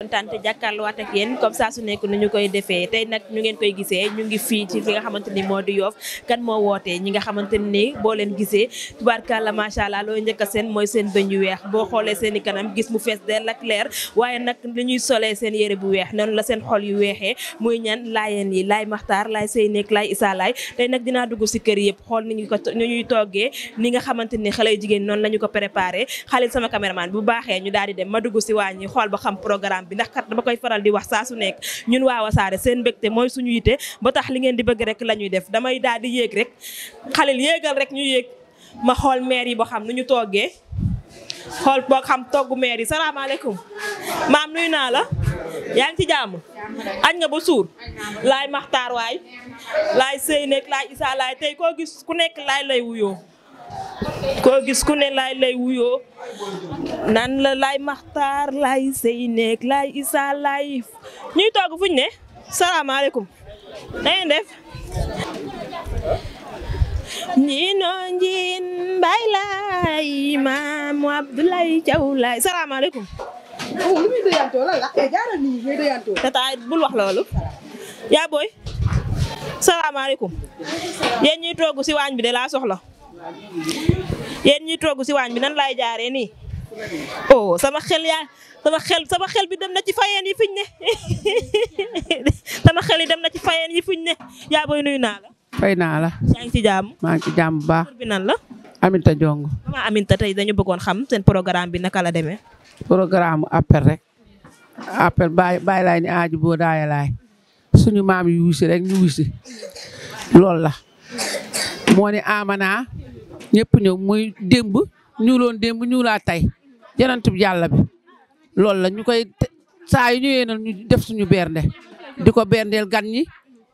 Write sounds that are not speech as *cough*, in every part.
kontaan te jàkkaarloowaat ak yéen comme ça su nekk nu ñu koy defee tey nag ñu ngeen koy gisee ñu ngi fii ci li nga xamante ni moo di yoof kan moo wootee ñi nga xamante ni boo leen gisee tubaarkàlla macha allah loo njëkk a seen mooy seen bëñ yu weex boo xoolee seen i kanam gis mu fees dell ak leer waaye nag li ñuy solee seen yére bu weex noonu la seen xool yu weexee muy ñan laayeen yi laay maxtaar laay sëy nekk laay isaa laay tey nag dinaa dugg si kër yëpp xool ni ñu ko ni ñuy toggee ni nga xamante ni xale yu jigéen noonu la ko préparé xalil sama caméraman bu bi ndax kat dama koy faral di wax saa su nekk ñun a saare seen mbégte mooy suñu yite ba tax li ngeen di bëgg rek la ñuy def damay daal di yéeg rek xalil yéegal rek ñu yéeg ma xool meer yi boo xam nu ñu toggee xool boo xam togg meer yi salaamaaleykum maam nuyu naa la yaa ngi ci jàmm añ nga ba suur lay maxtaar waay laay sëy nekk laay isaa tey koo gis ku nekk laay lay wuyoo ko gis ku ne laay lay wuyo nan la laay maxtaar laay sëy neeg laay isaa laay ñuy toog fuñ ne salaamaaleykum na ngeen def ñiino njiin mbay laay maam Abdoulaye Thiaw laay salaamaaleykum eh, tataay bul loolu yaa booy salaamaaleykum yéen ñuy toogu si waañ bi de laa soxla yéen ñi togg si waañ bi nan laay jaaree nii. oh sama xel yaa sama xel sama xel bi dem na ci fayeen yi fiñ ne *laughs* sama xel yi dem na ci fayeen yi fiñ ne yaa booy nuyu naa la. fay naa la. yaa ci jaam maa ngi ci jàmm bu baax. bi nan la. Aminta Jong. maman Aminta tey dañu bëggoon xam seen programme bi naka la deme programme mu appel rek. appel bàyyi laay ni aaju boo daay laay suñu maam yi wuusi rek ñu wuusi loolu la. moo ne amana ñëpp ñëw muy démb ñuuloon démb ñuulaa tey yonent bi yàlla bi loolu la ñu koy saa yu ñëwee ñu def suñu bernde di ko berndeel gan ñi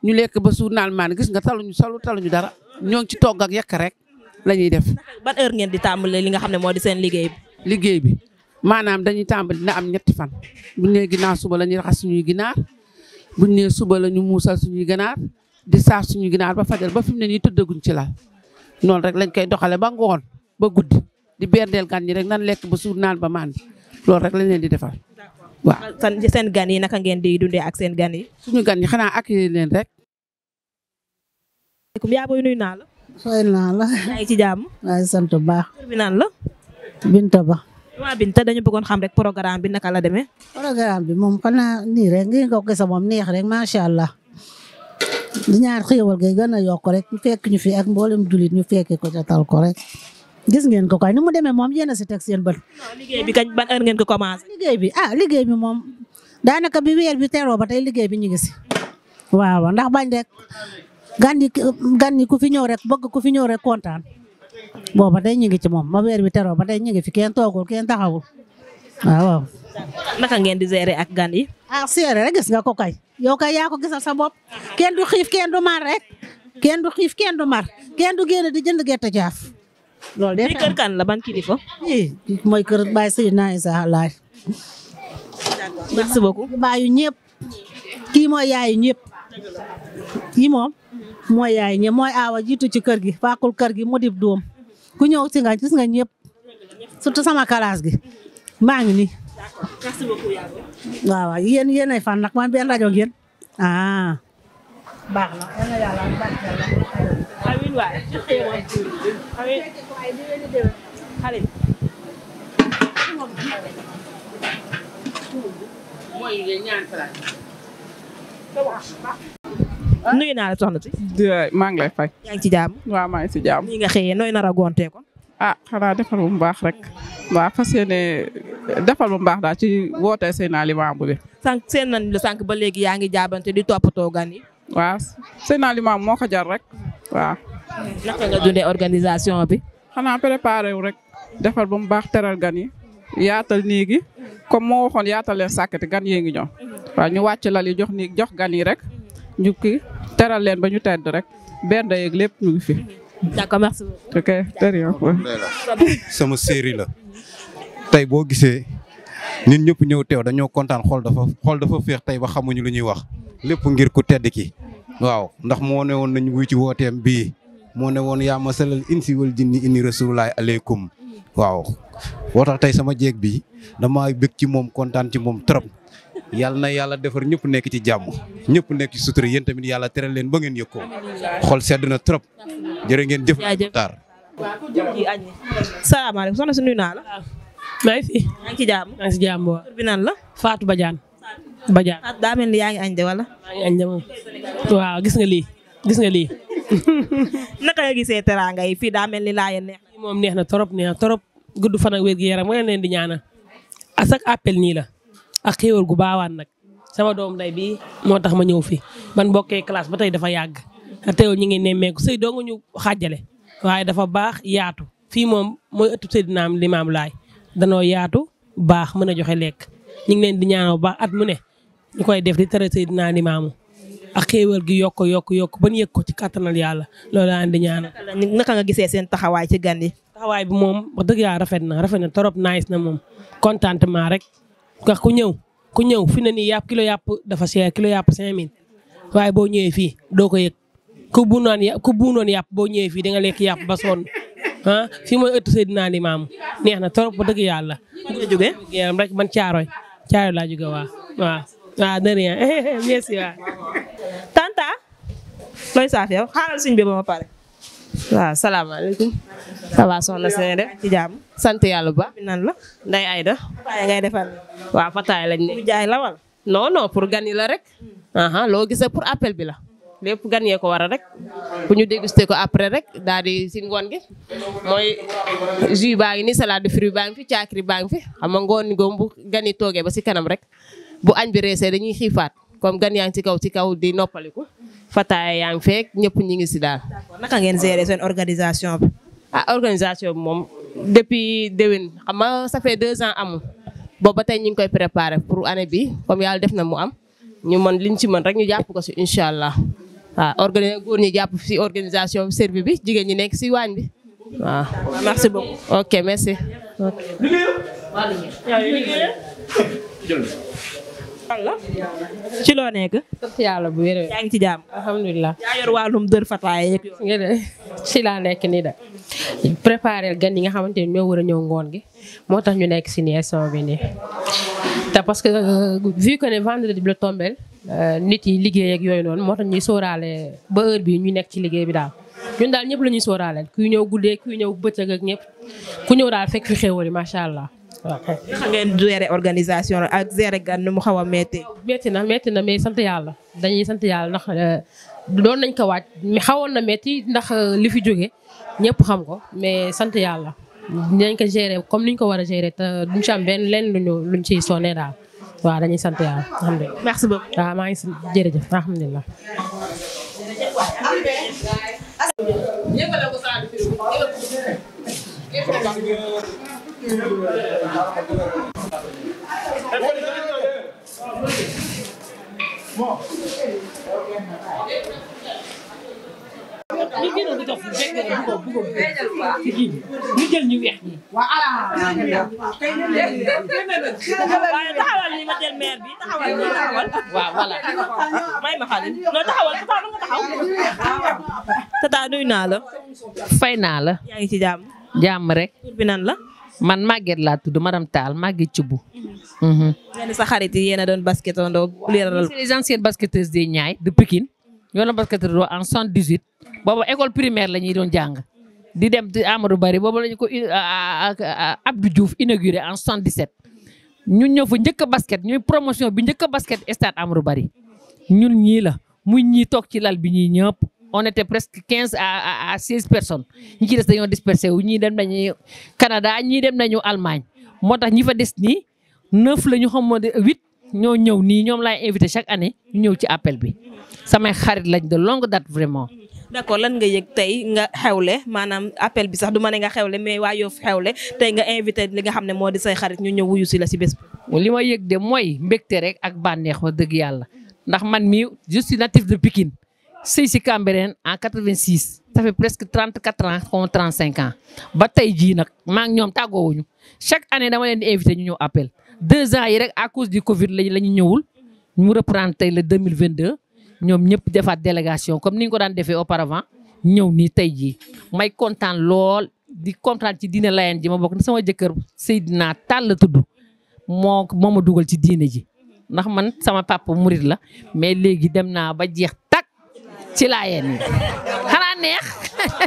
ñu lekk ba suur naal maan gis nga taluñu salu taluñu dara ñoo ngi ci togg ak yekk rek lañuy def. ban heure ngeen di tàmbale li nga xam ne moo di seen liggéey bi. liggéey bi maanaam dañuy tàmbali dina am ñetti fan bu ñu nee suba la ñuy raxas suñuy ginaar bu ñu suba lañu ñu muusal suñuy ganaar di saar suñu ginaar ba fajar ba fi mu ne nii tëddaguñ ci laal noonu rek lañ koy doxale ba ngoon ba guddi di berndeel gan ñi rek nan lekk ba suur naan ba maan loolu rek lañ leen di defal waaw. seen gan yi naka ngeen di dundee ak seen gan suñu gan yi xanaa ak leen rek. asalaamaaleykum naa la. fay naa la. ngi ci jàmm. sant bu baax. naan la. Binta Ba. waaw Binta dañu bëggoon xam rek programme bi naka la demee. programme bi moom xanaa nii rek ngeen ko gis moom neex rek macha allah. di ñaar xéewal gay gën a yokk rek ñu fekk ñu fi ak mboolem jullit ñu fekkee ko ca tal ko rek gis ngeen ko kay ni mu demee moom yéen a si teg seen bët. liggéey bi kañ ban ngeen ko commencé. liggéey bi ah liggéey bi moom daanaka bi weer bi teroo ba tey liggéey bi ñu ngi si. waaw ndax bañ rek gan yi gan yi ku fi ñëw rek bëgg ku fi ñëw rek kontaan booba tey ñu ngi ci moom ma weer bi teroo ba tey ñu ngi fi kenn toogul kenn taxawul waaw. naka ngeen di gérer ak gan yi. ah gérer rek gis nga yow kay yaa ko gisal sa bopp kenn du xiif kenn mar rek kenn du xiif kenn du mar kenn du génn di jënd gerte jaaf. loolu de kër kan la ban kilifa. mooy kër Baye Seydina Issa Laay. merci beaucoup. baayu ñëpp kii mooy yaayu ñëpp kii moom mooy yaayu ñëpp mooy aawa jiitu ci kër gi fàqul kër gi mu dib doom ku ñëw ci nga gis nga sama kalaas gi maa ngi d'accord merci beaucoup Yaago. waaw waaw yéen yéenay fan nag man benn rajo ak yéen ah. baax na yal la. amiin waay. amiin. xale naa la soxna si. maa ngi lay fay. yaa ci jàmm. waaw maa ngi ci jàmm. nii nga xëyee nooy nar a gontee a ah, xanaa defar ba mu baax rek waaw fa yéene defar ba mu baax daal ci woote Seydina Limaamu bi. sànq seen nañ la sànq ba léegi yaa ngi jaabante di toppatoo gan yi. waaw Seydina moo ko jar rek waaw. organisation bi. xanaa préparé wu rek defar ba mu baax teral gan yaatal néeg yi comme moo waxoon yaatal leen sàkkati gan yee ngi ñoom waaw ñu wàcc lal yi jox néeg jox gan rek ñu kii teral leen ba ñu tedd rek benn yeeg lépp ñu fi. d'accord merci beaucoup. ok sama série la. tey boo gisee nit ñëpp ñëw teew dañoo kontaan xool dafa xool dafa féex tey ba xamuñu lu ñuy wax lépp ngir ku tedd ki. waaw ndax moo ne woon nañ wuy ci wooteem bii moo ne woon yaa ma masalal insi wal jinni inni rasulullahi aleykum waaw. woo tax tey sama jéeg bi damaa bëgg ci moom kontaan ci moom trop. yàlla na yàlla defar ñëpp nekk ci jàmm ñëpp nekk ci sutura yéen tamit yàlla teral leen ba ngeen yëg ko xol sedd na trop jërë ngeen jëf taar salaamaaleykum soxna si nuyu naa la maa ngi fi maa ngi ci jàmm maa ngi ci jàmm waaw tur bi nan la Fatou Badiane Badiane daa mel ni yaa ngi añ de wala maa ngi añ de moom waaw gis nga lii gis nga lii *laughs* naka nga gisee teraanga yi fii daa mel ni laa yéen neex neex na trop trop gudd fan ak wér gi yaram moo leen di ñaanal à chaque appel nii la ak xéewal gu baawaan nag sama doom day bi moo tax ma ñëw fi ban bokkee classe ba tey dafa yàgg teewul ñu ngi nemmeeku sëy doo ñu xaajale waaye dafa baax yaatu fii moom mooy ëttu Seydina Limaamu Laay danoo yaatu baax mën a joxe lekk ñu ngi leen di ñaanal baax at mu ne ñu koy def di tere Seydina Limaamu ak xéewal gi yokk yokk yokk ban yëg ko ci kàttanal yàlla loolu laa leen di ñaanal. naka nga gisee seen taxawaay ci gan yi. taxawaay bi moom wax dëgg yàlla rafet na rafet na trop nice na moom contentement rek. ndax ku ñëw ku ñëw fi na ne nii yàpp kilo yàpp dafa cher kilo yàpp 5000 waaye boo ñëwee fii doo ko yëg ku buunoon yàpp boo ñëwee fii da nga lekk yàpp ba sonn ah fii mooy ëttu Seydina Limaamu neex na trop dëgg bu ñu jógee yaram man caaroy caaroy laa jóge waaw waaw waaw de *laughs* merci waaw. Tanta looy saaf yow xaaral suñ bi pare. waaw salaamaaleykum. ça va soxna si def ci jaam sant yàlla bu baax. nan la Ndeye Aida. fataay ngay defar. waaw fataay lañ jaay la wala. pour gan yi la rek. Hmm. loo gisee pour appel bi la. lépp gan yee ko war a rek. bu ñu dégusté ko après rek daal di si ngoon gi. mooy jus baa ngi nii salade de fruits baa ngi fi caakiri baa ngi fi xam ngoon ngoom bu gan yi toogee ba ci kanam rek. bu añ bi reesee dañuy xiifaat. comme gan yaa ngi ci kaw ci kaw di noppaliku fataaya yaa ngi feek ñëpp ñi ngi si daal. d'accord naka ngeen gérer seen organisation bi. ah organisation bi moom depuis déwén xam nga ça fait deux ans amul boobu ba tey ñu ngi koy préparer pour année bi comme yàlla def na mu am ñu mën liñ ci mën rek ñu jàpp ko si incha allah waaw organiser góor ñu jàpp si organisation service bi jigéen ñi nekk si waañ bi waaw. merci beaucoup ok merci. fan la. ci loo nekk. sant yàlla bu wér yaa ngi ci jàmm. si laa nekk nii da préparé gan yi nga xamante ni ñoo war a ñëw ngoon gi moo tax ñu nekk si nii instant bi nii. te parce que euh, vu que ne vendredi bi la tombeel euh, nit yi liggéey ak yooyu noonu moo tax ñuy sóoraale ba heure bi ñu nekk ci liggéey bi daal. ñu daal ñëpp lañuy ñuy sóoraale ñëw guddee kuy ñëw bëccëg ak ñëpp ku ñëw daal fekk fi xéwal yi macha allah. waaw kay naka organisation ak gérer gan mu xaw a métti. métti na métti na mais sant yàlla dañuy sant yàlla ndax euh, doon nañ ko waaj xawoon na metti ndax euh, li fi jóge ñëpp xam ko mais sant yàlla. dinañ ko gérer comme niñ ko war a gérer te euh, duñ ci am benn lenn luñu luñ ciy sonné daal waaw dañuy sant yàlla alhamdulilah. maa ngi sant jërëjëf alhamdulilah. ñu gënoon di def béykat yi bu ko bu ko ci kii bi ñu jël ñu weex ñi. waaye taxawal ni ma jël maire bi taxawal ni taxawal. waaw voilà may ma xale non taxawal tata nu nga taxaw. tata nuyu naa la. fay naa la. yaa ngi ci jàmm. jàmm rek. tur bi nan la. man Maguette laa tudd madame Tall Maguette Thioub. Mhm. yéen sa xarit yi yéen a doon baskettandoo. waaw c'est les anciennes basketteuses des Niayes de Pikine. ñoo doon baskettandoo en 78. boobu école primaire la ñuy doon jàng. di dem Amadou Bari boobu la ñu ko euh, euh, euh, Abdou Diouf inauguré en 77. ñun ñoo fa njëkk a basket ñooy promotion bi njëkk a basket stade Amadou Bari. ñun ñii la muy ñii toog ci lal bi ñii ñëpp. on était presque quinze à à seize personnes ñi ci des dañoo dispersé wu ñii dem nañu Canada ñii dem nañu Allemagne moo tax ñi fa des nii neuf la ñu xam moo de huit ñoo ñëw nii ñoom laay invité chaque année ñu ñëw ci appel bi samay xarit lañ de longue date vraiment. d'accord lan nga yëg tey nga xewle maanaam appel bi sax du ma ne nga xewle mais waa Yoff le tey nga invité li nga xam ne moo di say xarit ñu ñëw wuyu si la si bes bi. li ma yëg de mooy mbégte rek ak bànneex wax dëgg yàlla ndax man mii je suis de Pikine sëy si Cambérène en 86 ça fait presque 34 ans xaw ma 35 ans ba tey jii nag maa ngi ñoom tàggoowuñu chaque année dama leen di invité ñu ñëw appel deux ans yi rek à cause du Covid la ñu ñëwul mu reprendre tey le 2022 ñoom ñëpp defaat délégation comme ni ñu ko daan defee auparavant ñëw nii tey jii may kontaan lool di kontaan ci diine layen ji ma bokk sama jëkkër Seydina Tall la tudd moo moo ma dugal ci diina ji ndax man sama papa murit la mais léegi dem naa ba jeex ci laayeen yi xanaa neex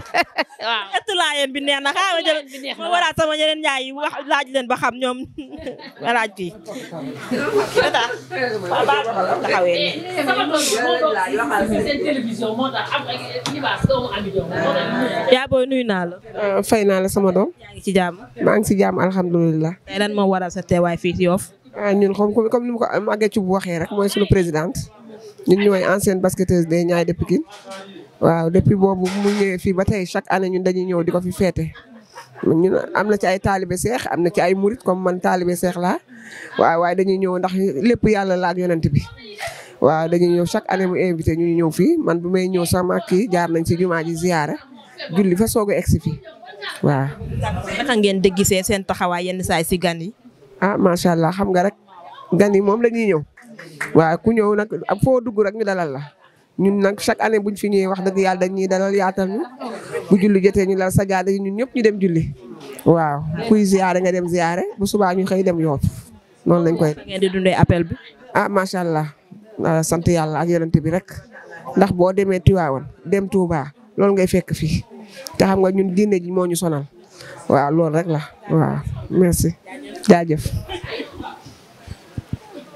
*laughs* waaw. xeetu laayeen bi neex na xaaral ma jël ma waraat sama yeneen yaay wax laaj leen ba xam ñoom laaj bi. Eh, eh, yaa booy nuyu naa la. Euh, fay naa la sama doom. yaa ngi ci jàmm. maa ngi ci jàmm alhamdulilah. tey lan moo waral sa teewaay fii ci Yoff. Ah, ñun comme comme ni mu ko Maguette bu waxee rek mooy sunu présidente. ñun ñooy ancienne basketteuse des Niayes de Pikine waaw depuis boobu mu ñëwee fii ba tey chaque année ñun dañuy ñëw di ko fi féete. ñun am na ci ay taalibe seex am na ci ay murit comme man taalibe seex la waaw waaye dañuy ñëw ndax lépp yàlla la ak yonent bi. waaw dañuy ñëw chaque année mu invité ñu ñëw fii man bu may ñëw sama kii jaar nañ ci jumaa ji ziyaara julli fa soog a egsi fii waaw. naka ngeen di seen taxawaay yenn saay si gan yi. ah macha allah xam nga rek gan yi moom dañuy ñëw. waaw ku ñëw nag ak foo dugg rek ñu dalal la ñun nag chaque année buñ fi ñëwee wax dëgg yàlla dañuy dalal yaatal ñu bu julli jotee ñu la sajaada yi ñun ñëpp ñu dem julli waaw kuy ziare nga dem ziare bu subaa ñu xëy dem yoon noonu lañ koy. ngeen di bi. ah macha allah ah, sant yàlla ak yonent bi rek ndax boo demee Tiwaawan dem Touba loolu ngay fekk fii te xam nga ñun diine ji moo ñu sonal waaw loolu rek la waaw merci jaajëf.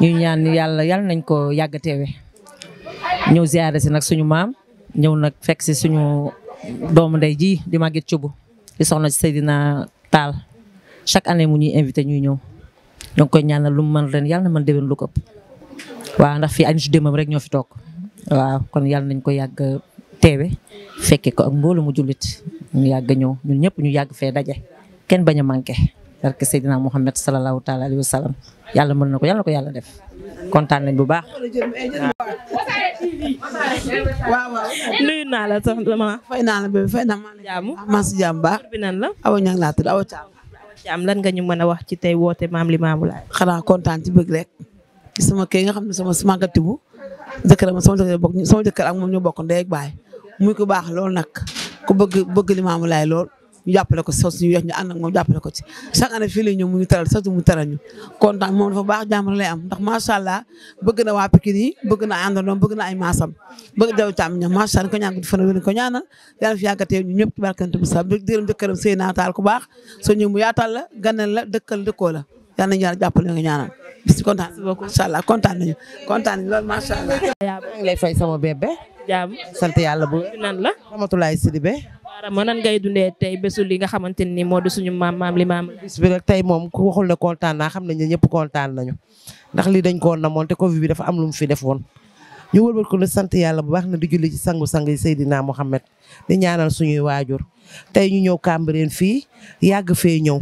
ñuy ñaan yàlla yàlla nañ ko yàgg teewe ñëw ziare si nag suñu maam ñëw nag fekk si suñu doomu ndey ji di Maguette Thioub di soxna si Seydina Tall chaque année mu ñuy invité ñuy ñëw ñoo ko koy ñaanal lu mu mën ren yàlla na mën déwén lu ko waaw ndax fii ay nit démbam rek ñoo fi toog waaw kon yàlla nañ ko yàgg teewe fekke ko ak mboolu mu jullit ñu yàgg ñëw ñun ñëpp ñu yàgg fee daje kenn bañ a manqué barke Seydina Muhammad sallallahu taala alayhi wa sallam yàlla mën na ko yàlla ko yàlla def kontaan nañ bu baax. waaw waaw. nuyu naa la sax dama. fay naa la bébé fay naa maa ngi jàmm. maa si jàmm baax. bi nan la. awa ña Thiam. lan nga ñu mën a wax ci tey woote maam li maamu laay. xanaa kontaan ci bëgg rek. sama kii xam ne sama sama gàttibu. jëkkër ma sama jëkkër bokk sama jëkkër ñu bokk ndey baay muy ku baax lool nag ku bëgg bëgg li laay lool. ñu jàppale ko sos ñu yox ñu ànd ak moom jàppale ko ci la taral surtout mu taral ñu kontaan moom dafa baax jàmm lay am ndax macha allah bëgg na waa Pikine yi bëgg na àndandoom na ay maasam bëgg daw càmm ñam macha allah ko ñaan ko fana wéen ko bu sa dërëm jëkkëram baax soo ñëw mu yaatal la ganal la dëkkal dëkkoo la yàlla nañu yàlla jàppale nga ñaanal bis kontaan macha allah kontaan nañu kontaan nañu loolu macha allah yaa ngi lay fay sama bébé jaam sant yàlla bu nan la Ramatulaay Arama nan ngay dundee tey bésu li nga xamante ni moo di suñu maam maam li maam bis bi nag tey moom ku waxul ne kontaan naa xam nañ ne ñëpp kontaan nañu ndax lii dañ ko namoon te ko bi dafa am lu mu fi def woon ñu wëlbal ko na sant yàlla bu baax na di julli ci sangu-sang yi Seydina Mohamed di ñaanal suñuy waajur tey ñu ñëw Cambérène fii yàgg fee ñëw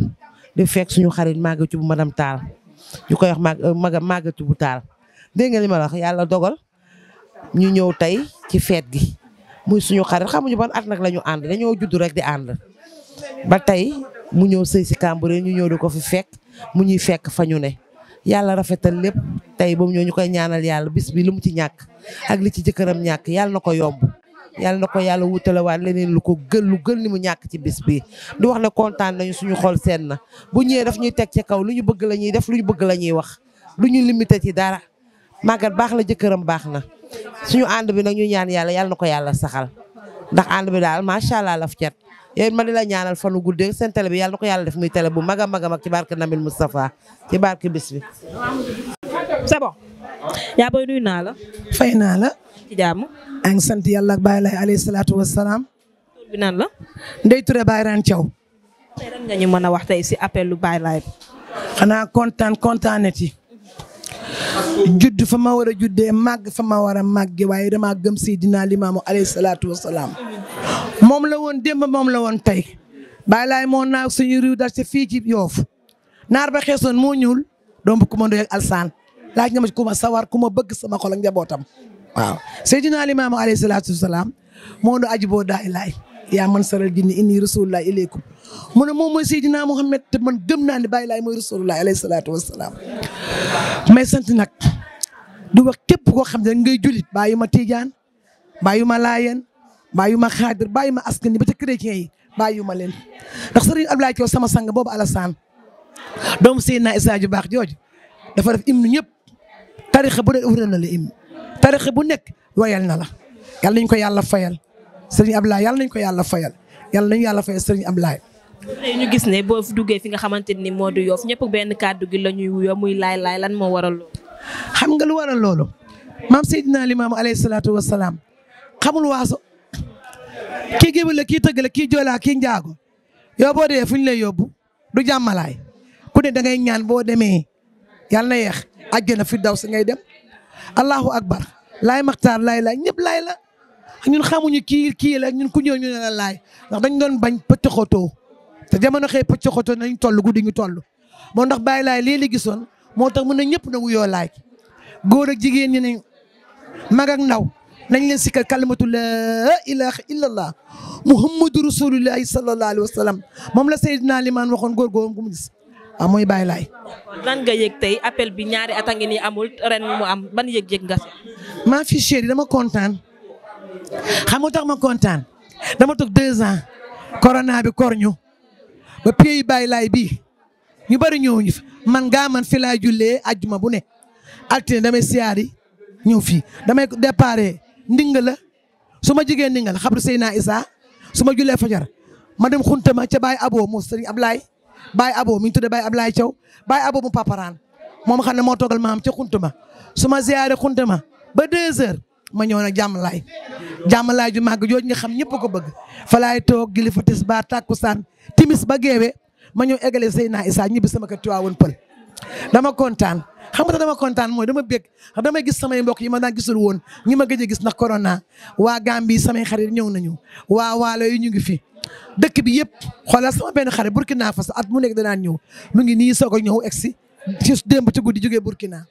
di fekk suñu xarit Maguette bu madame Tall ñu koy wax Maga Maguette bu Tall dégg yàlla dogal ñu ñëw tey ci feet gi muy suñu xarit xamuñu ban at nag la ñu ànd dañoo judd rek di ànd ba tey mu ñëw sëy si Cambérène ñu ñëw di ko fi fekk mu ñuy fekk fa ñu ne yàlla rafetal lépp tey ba mu ñëw ñu koy ñaanal yàlla bis bi lu mu ci ñàkk ak li ci jëkkëram ñàkk yàlla na ko yomb yàlla na ko yàlla wutale waat leneen lu ko gën lu gën li mu ñàkk ci bis bi di wax ne kontaan nañu suñu xol seen na bu ñëwee daf ñuy teg ci kaw lu ñu bëgg la ñuy def lu ñu bëgg la ñuy wax lu ñu limité ci dara màggat baax la jëkkëram baax na suñu ànd bi nag ñu ñaan yàlla yàlla na ko yàlla saxal ndax ànd bi daal macha allah laf cet yooyu ma di la ñaanal fanu guddee seen télé bi yàlla na ko yàlla def muy télé bu mag a mag a mag ci barke Nabil Moustapha ci barke bis bi. c'est bon. yaa booy nuyu naa la. fay naa la. ci jàmm. maa ngi sant yàlla ak bàyyi laay alayhi la. Ndeye mën a wax tey si appel lu bàyyi laay. xanaa kontaan judd fa ma war a juddee màgg fa ma war a màgge waaye damaa gëm naa Limaamu alayhi salaatu wasalaam moom la woon démb moom la woon tey Baay Laay moo naa suñu riw dar fii ci Yoof naar ba xeesoon moo ñuul doom bu ku ma ndoy ak alsaan laaj nga ma ku ma sawar ku ma bëgg sama xol ak njabootam waaw Seydina Limaamu alayhi salaatu wasalaam moo ndu aji boo daay laay yaa man saral jinni inni rasulullah ilaykum mu ne moom mooy Seydina naa te man gëm naa ne Baye Laay mooy Rasulullah alayhi salaatu wasalaam may sant nag du wax képp koo xam ne ngay julit bàyyi ma Tidiane bàyyi ma baa bàyyi ma Xaadir bàyyi ma askan bi ba ca chrétien yi bàyyi ma leen ndax Serigne Abdoulaye sama sang boobu Alassane doomu Seydina Issa ju baax jooju dafa def ñëpp tarixa bu ne na la hymne tarixa bu nekk wayal na la yàlla nañ ko yàlla fayal Serigne Abdoulaye yàlla nañ ko yàlla fayal yàlla nañ yàlla fayal Serigne Abdoulaye tey ñu gis ne boo fi duggee fi nga xamante ni moo du yoof ñëpp benn kàddu gi la ñuy wuyoo muy laay laay lan moo waral loolu. xam nga lu waral loolu maam Seydina Limaamu alayhi salaatu wa salaam xamul waaso kii géwél la kii tëgg la kii joolaa kii njaago yow boo dee fu ñu lay yóbbu du jàmmalaay ku ne da ngay ñaan boo demee yàlla na yeex àjjana fi daw si ngay dem allahu akbar lay maxtaar laay lay ñëpp laay la ñun xamuñu kii kii la ñun ku ñëw ñu ne la ndax dañ doon bañ te jamono xëy pëcc xoto nañ toll guddi ñu toll moo ndax bàyyi laay lii li gisoon moo tax mun na ñëpp nangu yoo laay góor jigéen ñi ne mag ndaw nañ leen sikkal kalimatu laa ilaha illallah muhammadu rasulullahi sallallahu alayhi wa sallam moom la Seydina Limaan waxoon góor góor gu mu gis ah mooy bàyyi laay. lan nga tey appel bi ñaari at a ngi nii amul ren mu am ban yëg-yëg nga si. maa fi dama kontaan xam nga tax ma kontaan dama toog deux ans corona bi kor ba pieyi bàyyi laay bi ñu bëri ñëwuñu fi man gaa man fi laay jullee bu ne altine damay siyaari ñëw fii damay déparé ndingala su ma jigee ndingala xabru Seyna issa su ma jullee fajar ma dem xuntama ca Baye Abo mu sëriñ Ablaye Baye Abo mi ñu tuddee Baye Ablaye Thiaw Baye Abo mu paparaan moom xam ne moo toogal maam ca xuntama su ma siyaare xuntama ba deux heures ma ñëw nag jàmm laay jàmm laay ju màgg jooju nga xam ñëpp ko bëgg fa laay toog gili fa tis ba tàkkusaan timis ba géewee ma ñëw égale Seyna Issa ñibbi sama kër Tiwaawoon pël dama kontaan xam nga dama kontaan mooy dama bég xam damay gis sama mbokk yi ma daan gisul woon ñi ma gëj a gis ndax corona waa Gambie samay xarit ñëw nañu waa waalo yi ñu ngi fi dëkk bi yëpp xoolal sama benn xarit Burkina Faso at mu nekk danaan ñëw mu ngi nii soog a ñëw egsi ci démb ci guddi jógee Burkina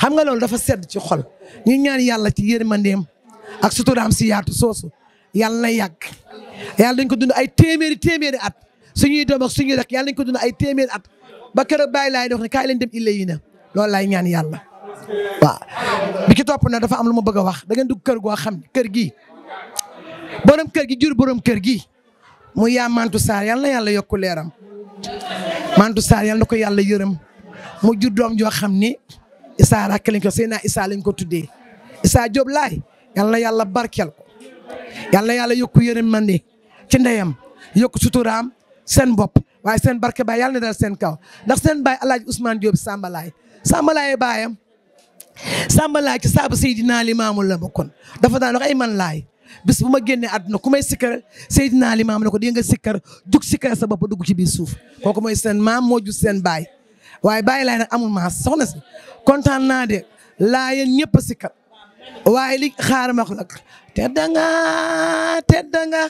xam nga loolu dafa sedd ci xol ñu ñaan yàlla ci yërmandeem ak suturaam si yaatu soosu yàlla na yàgg yàlla dañ ko dund ay téeméeri téeméeri at suñuy doom ak suñuy rek yàlla dañ ko dund ay téeméeri at ba kër bàyyi laay dox ne kaay leen dem illa yi na loolu laay ñaan yàlla waaw bi ki topp na dafa am lu ma bëgg a wax da ngeen dugg kër goo xam kër gi borom kër gi jur borom kër gi mu yaa Mantou Sarr yàlla na yokku leeram Mantou Sarr yàlla na ko yàlla yërëm mu jur doom joo xam ni Issa rakk lañ ko Seyna Issa ko tuddee Issa Diop laay yal na yàlla barkeel ko yal na yàlla yokku yërmande ci ndeyam yokku suturaam seen bopp waaye seen barke baay yàlla na dal seen kaw ndax seen baay El Hadj Ousmane Diop Samba laay Samba laay baayam Samba laay ci saabu Seydina Limaamu la bokkoon dafa daan wax ay man laay bis bu ma génnee àdduna ku may sikkar Seydina Limaam ne ko di nga sikkar jug sikkar sa bopp dugg ci biir suuf kooku mooy seen maam moo jur seen baay. waaye bàyyi laay nag amul maas na si kontaan naa de laa yéen si kat waaye li xaar ma ko nag tedd nga tedd nga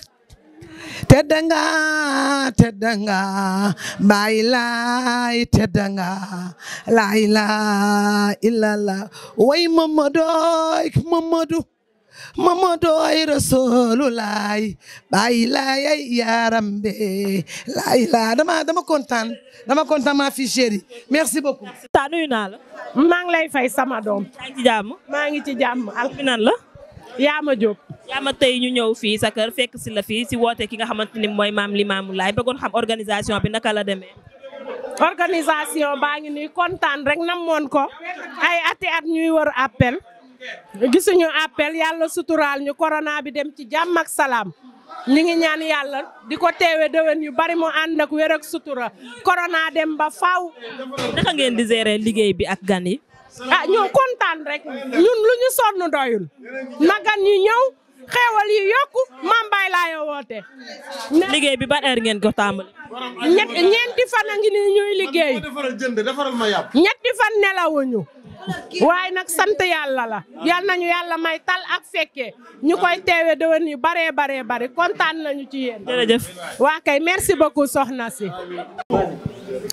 tedd nga tedd nga bàyyi laay tedd nga mamadooy rasoolu laay bàyyi laay ay yaaram be laay laa dama dama kontaan dama kontaan ma fille chérie merci beaucoup taa nuyu naa la maa ngi lay fay sama doom maa ngi ci jàmm maa ngi ci jàmm alminan la yaama Diop yaama tey ñu ñëw fii sa kër fekk si la fii si woote ki nga xamante ni mooy maam Limaamu Laay bëggoon xam organisation bi naka la demee organisation baa ngi nii kontaan rek namoon ko ay ati at ñuy wër appel gisuñu appel yàlla suturaal ñu corona bi dem ci jàmm ak salaam ñu ngi ñaan yàlla di ko teewe déwén yu bari mu ànd ak sutura corona dem ba faw naka ngeen di gérer liggéey bi ak gan yi. ah ñun kontaan rek ñun lu ñu sonn doyul na gan yi ñëw xeewal yi yokku Mame Baye woote. liggéey bi bar heure ngeen ko tàmbali. ñetti ñeenti fan a ngi ni ñuy liggéey. ñetti fan nelawuñu. waaye nag sant yàlla la yal nañu yàlla may tal ak fekkee ñu koy teewe déwén yu baree baree bare kontaan nañu ci yéen. waakay waa kay merci beaucoup soxna si.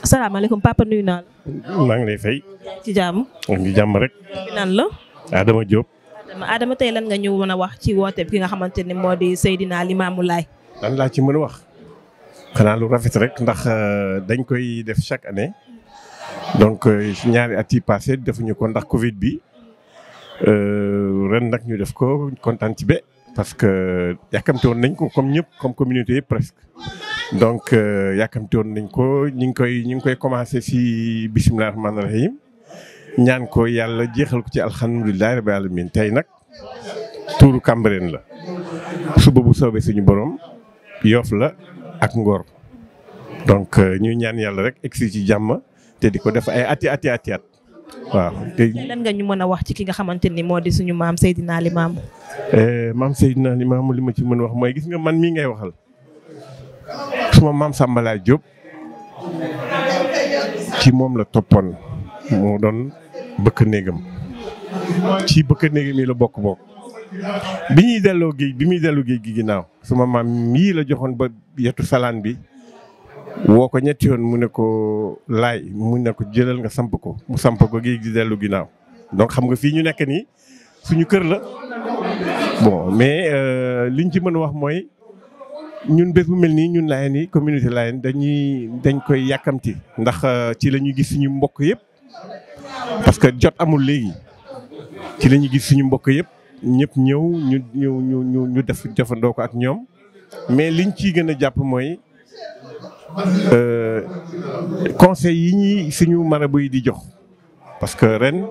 asalaamaaleykum papa nuyu naa la. maa ngi lay fay. ci jàmm. ci jàmm rek. nan la. Adama Diop. Adama tey lan nga ñëw mën a wax ci woote bi nga xamante ni moo di Seydina Limaamu Laay. lan laa ci mën a wax. xanaa lu rafet rek ndax euh, dañ koy def chaque année. donc euh, ñaari at yi defuñu ko ndax Covid bi euh, ren nag ñu def ko kontaan ci ba parce que yàkkamti woon nañ ko comme ñëpp comme communauté yëpp presque. donc euh, yàkkamti woon nañ ko ñu ngi koy ñu ngi koy commencé si bisimilah rahmaani rahim ñaan ko yàlla jeexal ko ci alhamdulilah rabbil alamin tey nag tuuru Cambérène la suba bu suñu borom Yoff la ak yàlla rek egsi ci jàmm. te di ko def ay ati ati at waaw te lan nga ñu mën a wax ci ki nga xamante ni moo di suñu maam Seydina Limaamu eh, maam Seydina Limaamu li ma ci mën wax mooy gis nga man mii ngay waxal suma maam Samba Laay Jóob ci moom la toppoon moo doon bëkk néegam ci bëkk néegam yi la bokk bokk bi ñuy delloo géej bi muy delloo géej gi ginnaaw suma maam yii la joxoon ba yetu salaan bi woo ko ñetti yoon mu ne ko laay mu ne ko jëlal nga samp ko mu samp ko gi di dellu ginnaaw donc xam nga fii ñu nekk nii suñu kër la bon mais euh, liñ ci mën wax mooy ñun bés bu mel nii ñun Layeen yi communauté Layeen dañuy dañ koy yàkkamti ndax euh, ci la ñuy gis suñu mbokk yëpp parce que jot amul léegi ci lañu gis suñu mbokk yëpp ñëpp ñëw ñu ñu ñu ñu def jëfandoo ko ak ñoom mais liñ ciy gën a jàpp mooy Euh, conseil yi ñuy suñu marabu yi di jox parce que ren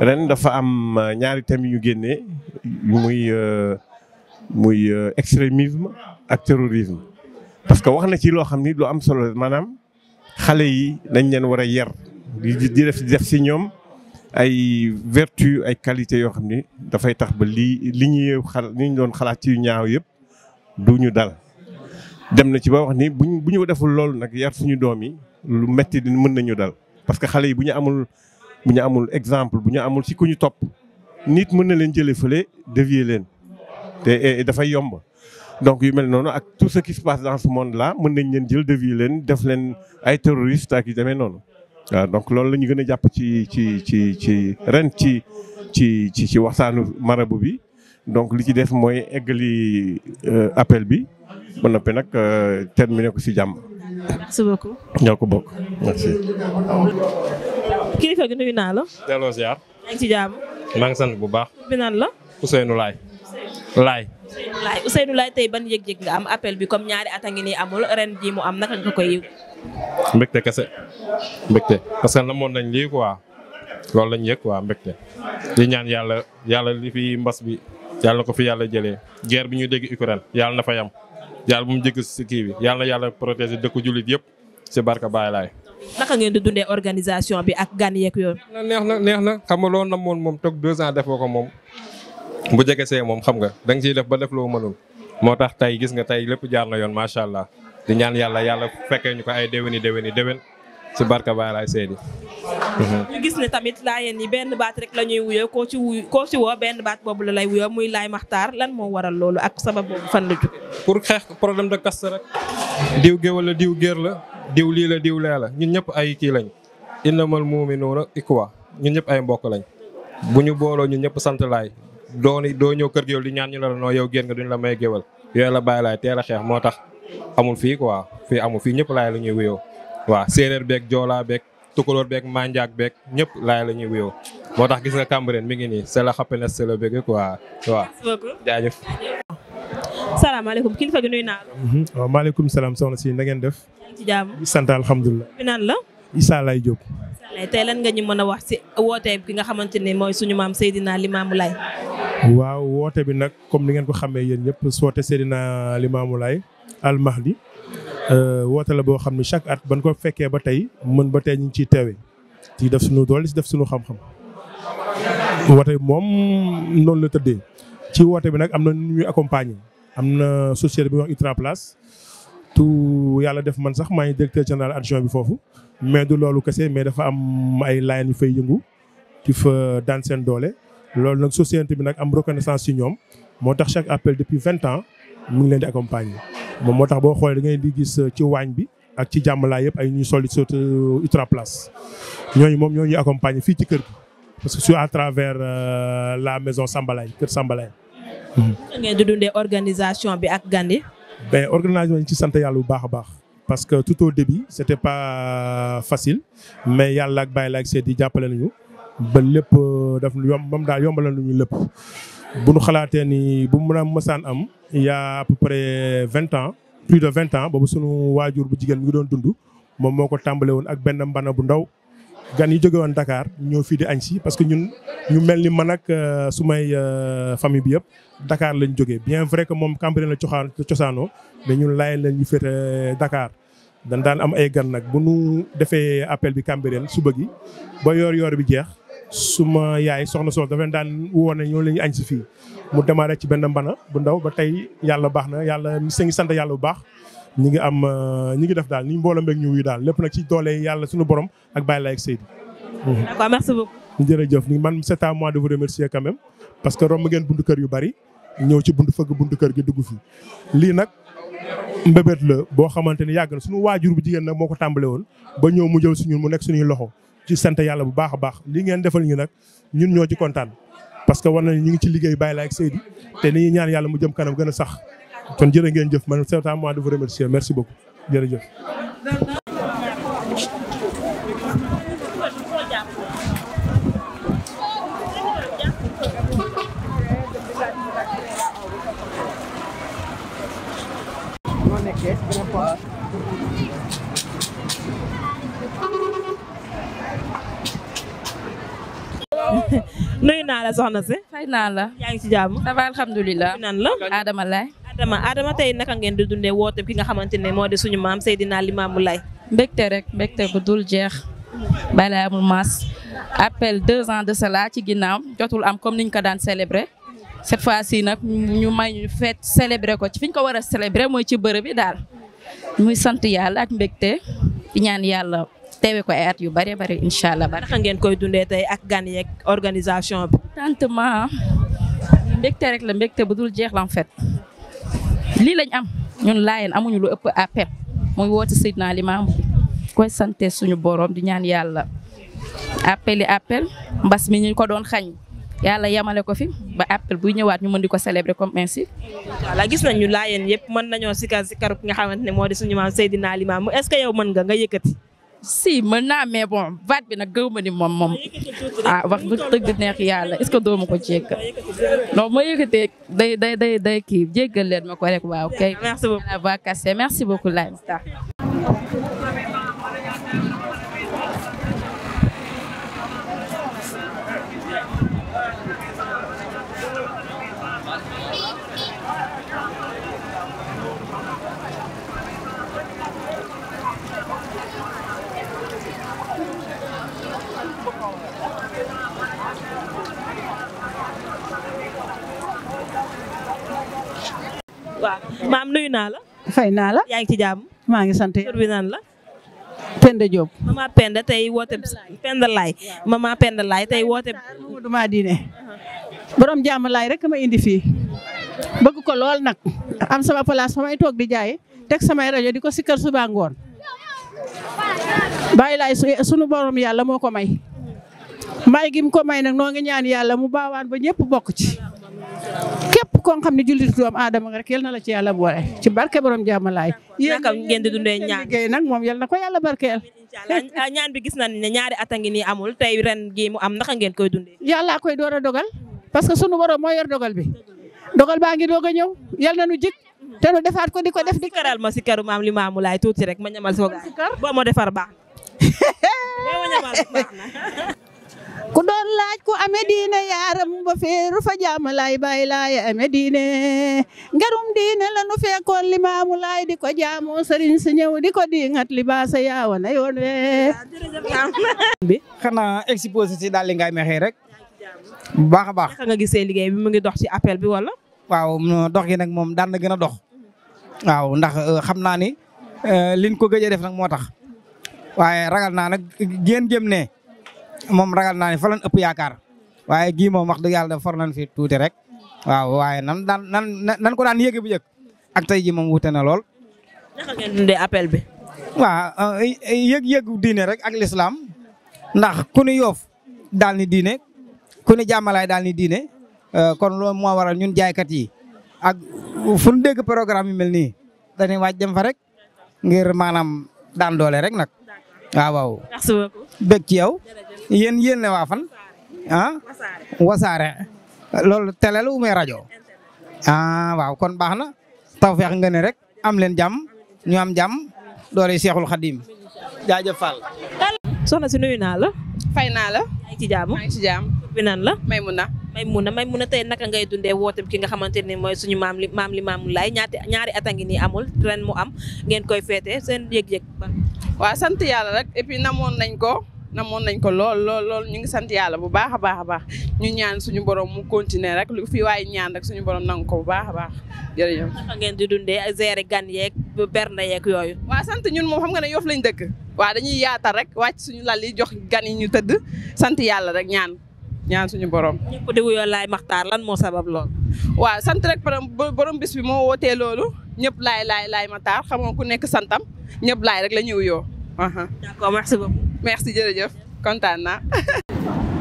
ren dafa am ñaari thèmes yu ñu génnee muy euh, muy euh, extrémisme ak terrorisme parce que wax na ci loo xam ni lu am solo maanaam xale yi dañ leen war a yar di di def di def si ñoom ay vertu ay qualité yoo xam ni dafay tax ba lii li ñuy xal li ñu doon xalaat ci ñaaw yëpp du ñu dal. dem na ci ba wax ni buñ bu ñu deful loolu nag yar suñu doom yi lu metti di mën nañu dal parce que xale yi bu ñu amul bu ñu amul exemple bu ñu amul si ku ñu topp nit mën na leen jëlee fële dévier leen te e, e, dafay yomb donc yu mel noonu ak tout ce qui se passe dans monde là mën nañ leen jël dévier leen def leen ay terroriste ak yu demee noonu waaw donc loolu lañu gën a jàpp ci ci ci ci ren ci ci ci ci waxtaanu marabu bi donc li ci def mooy eggali euh, appel bi ba noppi nag euh, terminé ko si jàmm. merci beaucoup. ñoo ko bokk merci. kilifa gi nuyu naa la. delloo ziar. maa ngi si jàmm. maa ngi sant bu baax. bi naan la. Ousseynou Laye. Laye. Ousseynou Laye tey ban yëg-yëg nga am appel bi comme ñaari at a ngi ni amul ren jii mu am naka nga koy yëg. mbégte kese mbégte parce que namoon nañ lii quoi loolu lañ yëg quoi mbégte di ñaan yàlla yàlla li fi mbas bi yàlla ko fi yàlla jëlee guerre bi ñu dégg Ukraine yàlla na fa yam yàlla moom jëkk si kii bi yàlla yàlla protéger dëkku jullit yëpp si barka Baay Laay. naka dundee organisation bi ak gan yeeg neex na neex na xam na loo moom toog deux ans defoo ko moom bu jege see moom xam nga da nga def ba def loo mënul moo tax tey gis nga tey lépp jaar na yoon macha allah di ñaan yàlla yàlla fekkee ñu ko ay déwéni déwéni déwén si barka Baay Laay Seydi gis ne tamit laayeen yi benn baat rek la ñuy wuyoo koo ci koo woo benn baat boobu la lay wuyoo muy laay maxtaar lan moo waral loolu ak sabab boobu fan la jóge pour xeex problème de caste rek diw géwël la diw géer la diw lii la diw lee la ñun ñëpp ay kii lañ innamal mu'minuuna ixwa ñun ñëpp ay mbokk lañ bu ñu booloo ñu ñëpp sant laay doo doo ñëw kër géwël di ñaan ñu la noo yow génn nga duñ la may géwël yooyu la bàyyi laay teel xeex moo tax amul fii quoi fii amul fii ñëpp laay la ñuy tukulóor beeg manjaak beeg ñëpp laay la ñuy wuyoo moo tax gis nga Cambérène mi ngi nii c'est la happiness c'est le bégg quoi mhm. waaw maaleykum salaam soxna si na ngeen def ci jàmm sant alhamdulilah la Issa Laye Diop tey lan nga ñu mën a wax si woote bi nga xamante ne mooy suñu maam Seydina Limaamu Laay waaw woote bi nag comme ni ngeen ko xamee yéen ñëpp soote Seydina Limaamu Laay al Mahdi Euh, woote la boo xam ne chaque ba nu ko fekkee ba tey mën ba tey ñu ngi ciy teewee ci def suñu doole ci def suñu xam-xam woote moom noonu la tëddee ci woote bi nag am na nu ñuy accompagne am na société bi wax Itra Place tout yàlla def man sax maa ngi directeur général adjoint bi foofu mais du loolu kese mais dafa am ay line yu fay yëngu di fa daan seen doole loolu nag société bi nag am reconnaissance ci ñoom moo tax chaque appel depuis vingt ans mu ngi leen di accompagner moom moo tax boo xoolee da ngay di gis euh, ci waañ bi ak ci jàmmalaay yëpp ay ñuy solli sot euh, ultra place ñooñu moom ñoo ñuy accompagner fii ci kër gi parce que c'est à travers euh, la maison Sambalaye kër Sambalaye. Mmh. Mmh. ngeen di organisation bi ak gandi ben organisation yi ci sant yàlla bu baax a baax. parce que tout au début c'était pas facile mais yàlla ak bàyyi la ak seet jàppale nañu ba lépp daf yomb moom daal yombalal nañu lépp. bu nu xalaatee ni bu mu mën a mësaan am il y a à peu près vingt ans plus de vingt ans boobu sunu waajur bu jigéen mi ngi doon dund moom moo ko tàmbale woon ak benn mbana bu ndaw gan yi jóge woon Dakar ñoo fii di añ si parce que ñun ñu mel ni man ak euh, sumay euh, famille bi yëpp Dakar lañ jógee bien vrai que moom Cambérène la coxaan cosaanoo mais ñun laay lañ ñu féete euh, Dakar dañ daan am ay gan nag bu nu defee appel bi Cambérène suba gi ba yoor yoor bi jeex suma yaay soxna soos dafa daan woo ne ñoo la ñu añ si fii mu démarré ci benn mbana bu ndaw ba tey yàlla baax na yàlla mi ngi sant yàlla bu baax ñi ngi am euh, ñi ngi def daal ni mbooloo mbéeg ñu wuyu daal lépp nag ci doole yàlla suñu borom ak bàyyi la ak Seydou. d'accord merci beaucoup. jërëjëf man c'est à moi de vous remercier quand même parce que romb ngeen buntu kër yu bari ñëw ci buntu fëgg buntu kër gi dugg fi lii nag mbébét la boo xamante ni yàgg na suñu waajur bu jigéen nag moo ko tàmbale woon ba ñëw mu jël suñu mu nekk suñuy loxo ci sant yàlla bu baax a baax li ngeen defal ñu nag ñun ñoo ci kontaan parce que war na ñu ngi ci liggéey bàyyi la ak Seydi te ni ñaan yàlla mu jëm kanam gën a sax kon jërë ngeen jëf man c'est à moi de vous remercier merci beaucoup jëf nuyu naa la soxna si. fay naa la. yaa ngi ci jàmm. ça va la Adama Laye. Adama Adama tey naka ngeen di dundee woote ki nga xamante ne moo de suñu maam Seydina Limamou Laye. mbégte rek mbégte bu dul jeex. balaa mu maas. appel deux ans de cela ci ginnaaw jotul am comme niñ ko daan célébrer. cette fois ci nag ñu may ñu feet célébrer ko ci fi ñu ko war a célébrer mooy ci bërëb bi daal. muy sant yàlla ak mbégte ñaan yàlla. teewe ko at yu bare bare incha allah. naka ngeen koy dundee tey ak gan yeeg organisation bi. contentement mbégte rek la mbégte bu dul jeex la en fait lii lañ am ñun laayeen amuñu lu ëpp appel muy woote Seydina Limaamu bi koy sante suñu borom di ñaan yàlla appel yi appel mbas mi ñu ko doon xañ yàlla yamale ko fi ba appel buy ñëwaat ñu mën di ko célébrer comme ainsi. voilà gis nañu laayeen yëpp mën nañoo sikar sikar nga xamante ne moo de suñu maam Seydina Limaamu est-ce que yow mën nga nga yëkkati. si man naa mais bon baat bi nag gëw ma ni moom moom ah wax dëgg neex yàlla est ce que doo ko jéggal non ma yëkkatee day day day day kii jéggal leen ma ko rek waaw kay merci beaucoup merci beaucoup Laye waaw maam nuyu naa la. fay la yaa ngi ci jàmm. maa ngi sant tur bi naan la. Penda Diop. mama Penda tey woote Penda Laay mama Penda Laay tey woote. duma diine borom jàmm laay rek ma indi fii bëgg ko lool nag am sama place fa may toog di jaay teg samay rajo di ko si kër suba ngoon bàyyi laay sunu borom yàlla moo ko may may gi mu ko may nag noo ñaan yàlla mu baawaan ba ñëpp bokk ci. képp koo xam ne jullit doomu aadama nga rek yal na la ci yàlla boole ci barke borom jàmmalaay. naka ngeen di dundee ñaan liggéey moom yal na ko yàlla barkeel. Ah, ñaan bi gis nañ ne ñaari at a ngi nii amul tey ren gii mu am naka ngeen koy dundee. yàlla koy door a dogal parce que sunu borom moo yor dogal bi dogal baa ngi doog a ñëw yal na nu jik te nu defaat ko di ko def di karal ma si karu maam li maamu laay tuuti rek ma ñamal soo gaa boo ma defar baax *laughs* boo ma ñamal ku doon laaj ku ame diine yaaram ba feeru fa jaama laay bàyyi laay ame diine ngarum diine la nu fekkoon laay di ko jaamoo sëriñ si ñëw di ko diingat li baasa yaawa na yoon we bi xanaa exposé si daal li ngay mexee rek bu baax a baax nga gisee liggéey bi mu ngi dox ci appel bi wala waaw dox gi nag moom daal na gën a dox waaw ndax euh, xam naa ni euh, liñ ko gëj a def nag moo tax waaye ragal naa nag géen ne moom ragal naa ne fa lan ëpp yaakaar waaye gii moom wax dëgg yàlla for nañ fi tuuti rek waaw waaye nan daan nan nan ko daan yéege bu njëkk ak tey jii moom wute na lool. naka bi. waaw yëg-yëg diine rek ak lislaam ndax ku ni dal daal ni diine ku ni jàmmalaay daal ni diine euh, kon loolu moo waral ñun jaaykat yi ak fu ñu programme yu mel nii dañuy waaj dem fa rek ngir maanaam daan doole rek nag. waaw ah, waaw. merci beaucoup. bëgg ci yow. yéen yéen ne waa fan. ah loolu télé rajo. ah waaw kon baax na. taw feex nga ne rek am leen jàmm ñu am jàmm doole Seexul Xadiim jaajëf Fall. soxna si nuyu naa la. fay naa la. maa ngi ci jàmm maa ngi ci jàmm. bi nan la Maymuna. Maymuna Maymuna tey naka ngay dundee woote bi ki nga xamante ne mooy suñu maam li maam li maamu laay ñaati ñaari at a ngi nii amul ren mu am ngeen koy feete seen yëg-yëg. waaw sant yàlla rek et puis namoon nañ ko. namoon nañ ko lool lool lool ñu ngi sant yàlla bu baax a baax a baax ñu ñaan suñu borom mu continuer rek lu fi waaye ñaan rek suñu boroom nangu ko bu baax a baax jërëjëf. naka ngeen di dundee gérer gan yeeg bernde yeeg yooyu. waa sant ñun moom xam nga ne Yoff lañ dëkk. waa dañuy yaatal rek suñu lal yi jox gan yi ñu tëdd sant yàlla rek ñaan ñaan suñu borom. ñëpp di wuyoo laay maxtaar lan moo sabab lool. waaw sant rek borom bis bi moo wootee loolu ñëpp laay laay laay maxtaar xam ku nekk santam ñëpp laay rek la ñuy wuyoo d'accord merci beaucoup merci jërëjëf kontaan naa *laughs*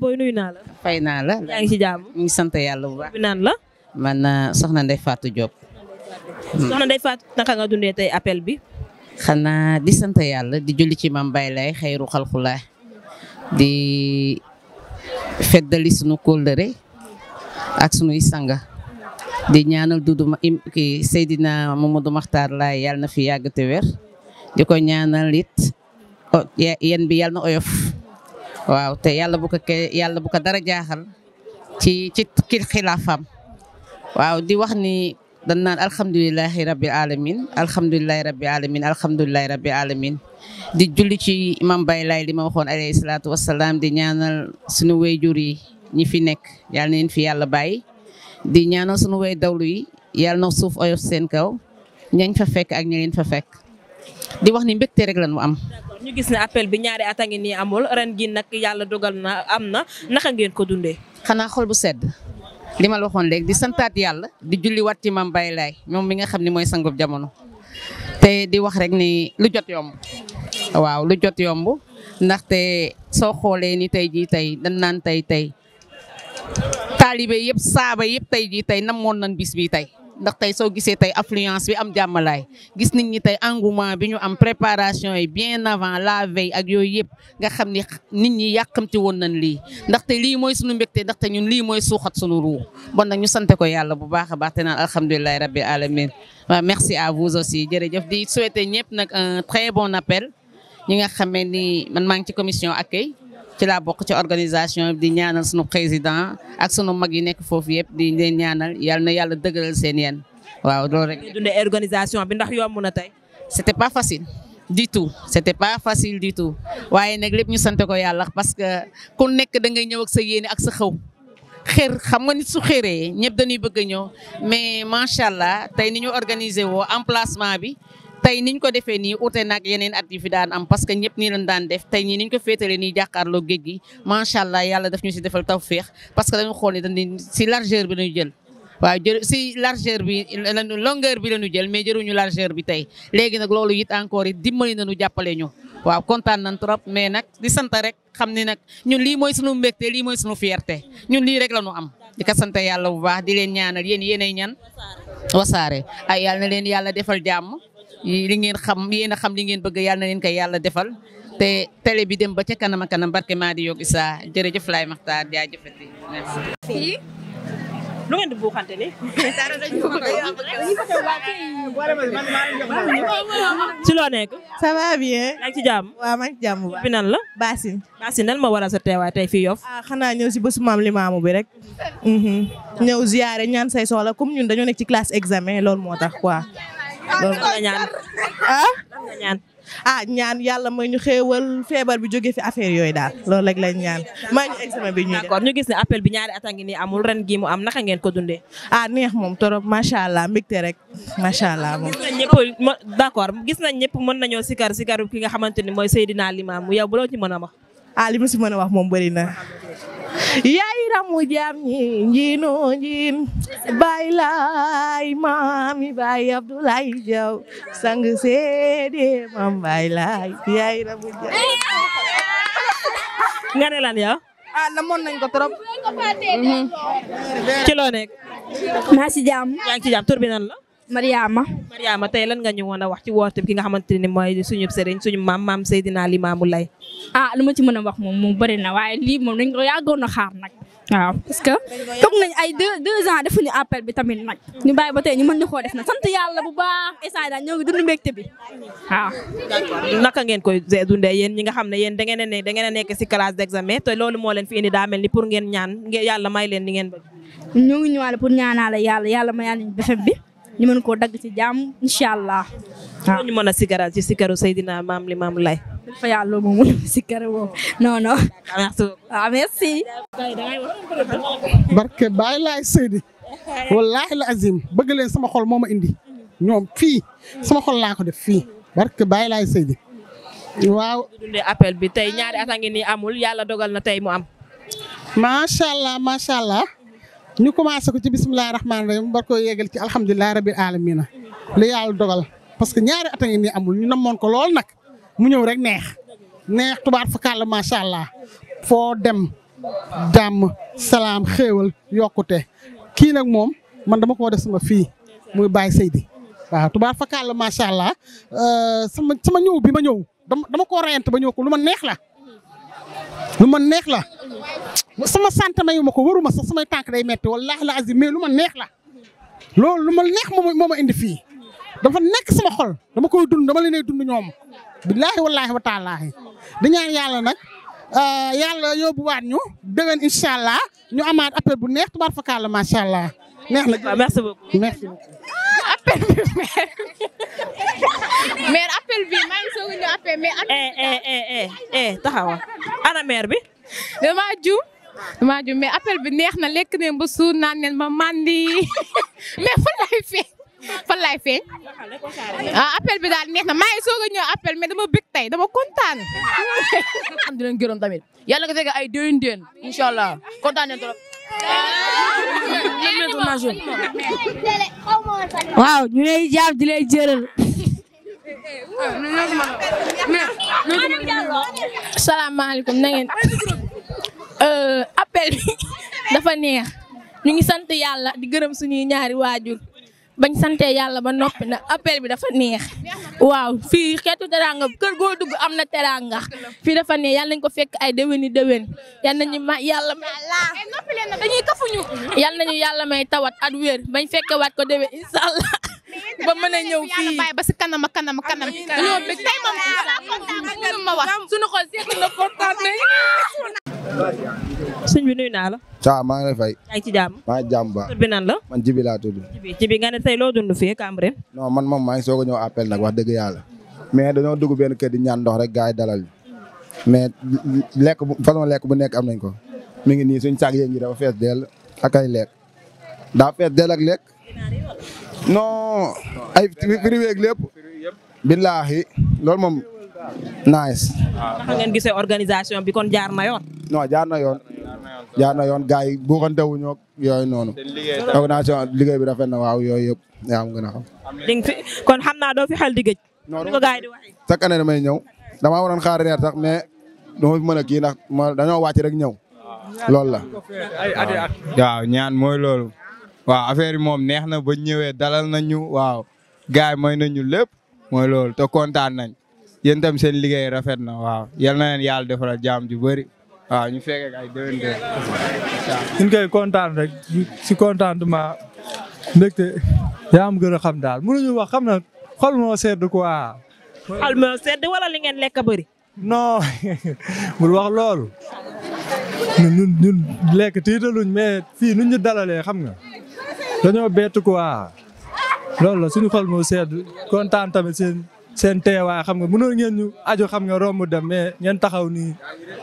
booy nuyu naa la. fay naa la. yaa ngi ci jàmm ñu ngi sant yàlla bu baax. naan la. man uh, soxna Ndeye Fatou Diop. Hmm. soxna Ndeye Fatou naka nga dundee tey appel bi. xanaa di sant yàlla di julli ci mam Baye Laye xayru xalxulaa di feddali sunu kóllëre ak sunuy sanga di ñaanal dudu ma im ki Seydina Mamadou Makhtar Laye yàlla fi yàgg te wér di ko ñaanal it bi yàlla oyof waaw te yàlla bu ko ke yàlla bu ko dara jaaxal ci ci ki xilaafaam waaw di wax ni dañ naan alhamdulilahi rabbil alamin alhamdulilahi rabbil alamin alhamdulilahi rabbil alamin di julli ci imam Baye Laye li ma waxoon alayhi salaatu wasalaam di ñaanal suñu wayjur yi ñi fi nekk yàlla neen fi yàlla bàyyi di ñaanal suñu way dawlu yi yàlla na suuf oyof seen kaw ñañ fa fekk ak ña fa fekk di wax ni mbégte rek lañu am ñu gis ne appel bi ñaari at a ngi nii amul ren gi nag yàlla dogal na am na naka ngeen ko dundee. xanaa xol bu sedd li ma la waxoon léegi di santaat yàlla di julli wat ci maam Baye Laay moom mi nga xam ne mooy sangub jamono te di wax rek ni lu jot yomb waaw lu jot yomb ndaxte soo xoolee ni tey jii tey dañ naan tey tey taalibe yëpp saaba yëpp tey jii tey namoon nañ bis bi tey. ndax tey soo gisee tey affluence bi am jàmmalaay gis nit ñi tey engouement bi ñu am préparation yi bien avant la veille ak yooyu yëpp nga xam ni nit ñi yàqamti woon nañ lii ndaxte lii mooy sunu mbégte ndaxte ñun lii mooy suuxat suñu ruu bon nag ñu sante ko yàlla bu baax a baax te naan alhamdulilahi rabbi alamin waaw merci à vous aussi jërëjëf di souhaiter ñëpp nag un très bon appel ñi nga xamee ni man maa ngi ci commission accueil ci la bokk ci organisation di ñaanal sunu président ak sunu mag yi nekk foofu yëpp di leen ñaanal yal na yàlla dëgëral seen yeen waaw loolu rek. dundee organisation bi ndax yomb na tey. c'était pas facile. di tout c'était pas facile du tout waaye nag lépp ñu sante ko yàlla parce que ku nekk da ngay ñëw ak sa yéene ak sa xew xër xam nga nit su xëree ñëpp dañuy bëgg a ñëw mais macha allah tey ni ñu organiser woo en placement bi. tey niñ ko defee nii ute nag yeneen at yi fi daan am parce que ñëpp nii lañ daan def tey ñii niñ ko féetale nii jàkkaarloo géej gi macha allah yàlla daf ñu si defal tawféex parce que dañu xool ne dañu si largeur bi lañu jël waaw jë si largeur bi lañu longueur bi lañu jël mais jëruñu largeur bi tey léegi nag loolu it encore it dimbali nañu jàppale ñu waaw kontaan na trop mais nag di sant rek xam ni nag ñun lii mooy sunu mbégte lii mooy sunu fierté ñun lii rek la ñu am di ko sant yàlla bu baax di leen ñaanal yéen yene ñan wasaare ay yàlla na leen yàlla defal jàmm li ngeen xam yéen a xam li ngeen bëgg yàlla na leen koy yàlla defal te télé bi dem ba ca kanam a kanam barke maa di yokk saa jërëjëf Laye Makhtar jaajëfati merci. lu ngeen di buuxante loo nekk. ça va bien. yaa ci jàmm. waaw maa ngi bi nan la. Basine. Basine nan ma waral sa teewaay tey fii Yoff. ah xanaa ñëw si bésu maam limaamu bi rek. Mhm. ñëw ziyaare ñaan say soxla comme ñun dañoo nekk ci classe examen loolu moo tax quoi. loolu nga ñaan ah ñaan ah ñaan yàlla ma ñu xéewal feebar bi jóge fi affaire yooyu daal loolu rek la ñaan ma ñu examen bi ñuy def ñu gis ne appel bi ñaari at a ngi nii amul ren gi mu am naka ngeen ko dundee ah neex moom torop macha allah mbégte rek macha allah moom gis nañ ñëpp d'accord gis nañ ñëpp mën nañoo sikar sikaru ki nga xamante ni mooy Seydina Limamou yow bu loo ci mën a wax ah ma si mën wax moom bëri na. yaay ramu jaam ñi njiinu njiin baay maam baay laay yaay ramu jaam nga ne lan yow ah namoon nañ ko trop ci loo la Mariama Mariama tey lan nga ñu woon a wax ci woote ki nga xamante mooy suñu sëriñ suñu maam maam Seydina Limaamu Lay ah lu ma ci mën a wax moom moom bëri na waaye lii moom ko yàggoon a nag ngeen xam ne yéen da ngeen da ngeen a nekk si classe d'examen te loolu moo leen fi indi daa mel ni pour ngeen ñaan yàlla may leen ni ngeen bëgg ñoo ngi ñëwaale pour ñaanaale yàlla yàlla may yàlla ñu befem bi ñu mën koo dagg ci jàmm incha allah. waaw ah. ñu mën a sikaraat ci sikaru Seydina Maam Limaamu Laay. fa yàlla moom mu sikar moom non non. Ah, merci. barke Baay Laay Seydi wallaahi la azim bëgg leen sama xol moo ma indi ñoom fii sama xol laa ko def fii barke Baay Laay Seydi waaw. dundee appel bi tey ñaari at a ngi nii amul yàlla dogal na tey mu am. macha allah macha allah. ñu commencé ko ci bisimilah rahmaani rahim mbar ko yeggal ci alhamdulilah rabil alamina li yàlla dogal parce que ñaari at a ngi nii amul ñu namoon ko lool nag mu ñëw rek neex neex tubaar fa kàlla macha allah foo dem jàmm salaam xéewal yokkute kii nag moom man dama koo def suma fii muy Baye Seydi waaw tubaar fa kàlla macha allah euh, sama sama ñëw bi ma ñëw dama dama koo ba ñëw ko lu ma neex la lu ma neex la. sama sant mayu ma ko waruma sax samay tànk day metti wallaahi la azim mais lu ma neex la loolu lu ma neex moom moo ma indi fii dafa nekk sama xol dama koy dund dama leen ay dund ñoom billaahi wallaahi wa taalaahi ñaan yàlla nag euh, yàlla yóbbuwaat ñu déwén incha ñu amaat appel bu neex tubaar fakkaat la macha allah neex na. Ah, merci beaucoup merci beaucoup. appel bi *laughs* eh, eh, eh, taxawa ana maire bi. damaa juum damaa juum mais appel bi neex na lekk ne ba suur naan ne ma mandi mais fan laay feeñ fan laay ah, bi daal neex na maa ngi soog a ñëw appel mais dama bëgg tey dama kontaan. am di leen gërëm tamit yàlla nga fekk ay déwén déen incha allah kontaan nañ trop. waaw ñu lay jaab di lay jëral. salaamaaleykum na ngeen euh, appel bi *laughs* dafa neex ñu ngi sant yàlla di gërëm suñuy ñaari waajur bañ santee yàlla ba noppi na appel bi dafa neex waaw fii xeetu teraanga kër goo dugg am na teraanga fii dafa neex yàlla nañ ko fekk ay déwéni déwén yal nañu yàlla may dañuy yàlla may tawat at wér bañ fekkewaat ko déwén incha ba mën a ñëw fii ba si kanam ak kanam wax suñu xol seetlu na kontaan nañ. sëñ bi nuyu naa la. waaw maa ngi lay fay. yaa ngi ci jàmm. maa ngi jàmm ba. tur bi nan la. man Jibi laa tudd. Jibi Jibi nga ne tey loo dund fii Cambérène. non man moom ngi soog a ñëw appel nag wax dëgg yàlla. mais dañoo dugg benn kër di ñaan ndox rek gars dalal mais lekk bu façon lekk bu nekk am nañ ko. mi ngi nii suñu saag yeeg yi dafa fees dell ak ay ak lekk. non ay privé ak billaahi loolu moom nice. naka ngeen organisation bi kon jaar na yoon. non jaar na yoon. jaar na yoon gars yi buuxante wu ñoog yooyu noonu. organisation liggéey bi rafet na waaw yooyu yëpp yaa ngi a xam. fi kon xam naa doo fi xel di gëj. ni ko gars yi ñëw damaa waroon xaar reer sax mais dama fi mën a kii ndax ma dañoo wàcc rek ñëw. Ah. loolu la. waaw ñaan mooy loolu. waaw affaire yi moom neex na ba ñëwee dalal nañu waaw gars yi may nañu lépp mooy loolu te kontaan nañ yéen itam seen liggéey rafet na waaw yal na leen yàlla defaral jaam ju bari waaw ñu feke ay déwén déwén. ñu koy kontaan rek si contentement mbégte yaa am gën a xam daal mënuñu wax xam na xol moo sedd quoi. xol moo sedd wala li ngeen lekk bëri. non *laughs* bul wax loolu ñun ñun lekk tiitaluñ mais fii nu ñu dalalee xam nga. dañoo bett quoi loolu la suñu xol moo sedd kontaan tamit seen seen teewaay xam nga mënoo ngeen ñu aju xam nga romb dem mais ngeen taxaw nii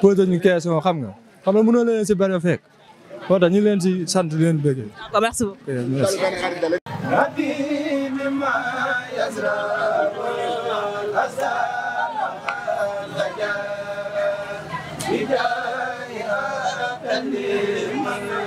posé ñu question xam nga xam nga mënoo leen si bëri fekk moo tax ñu leen si sant leen bëgg. merci beaucoup. Eh, Ijaya Kandimana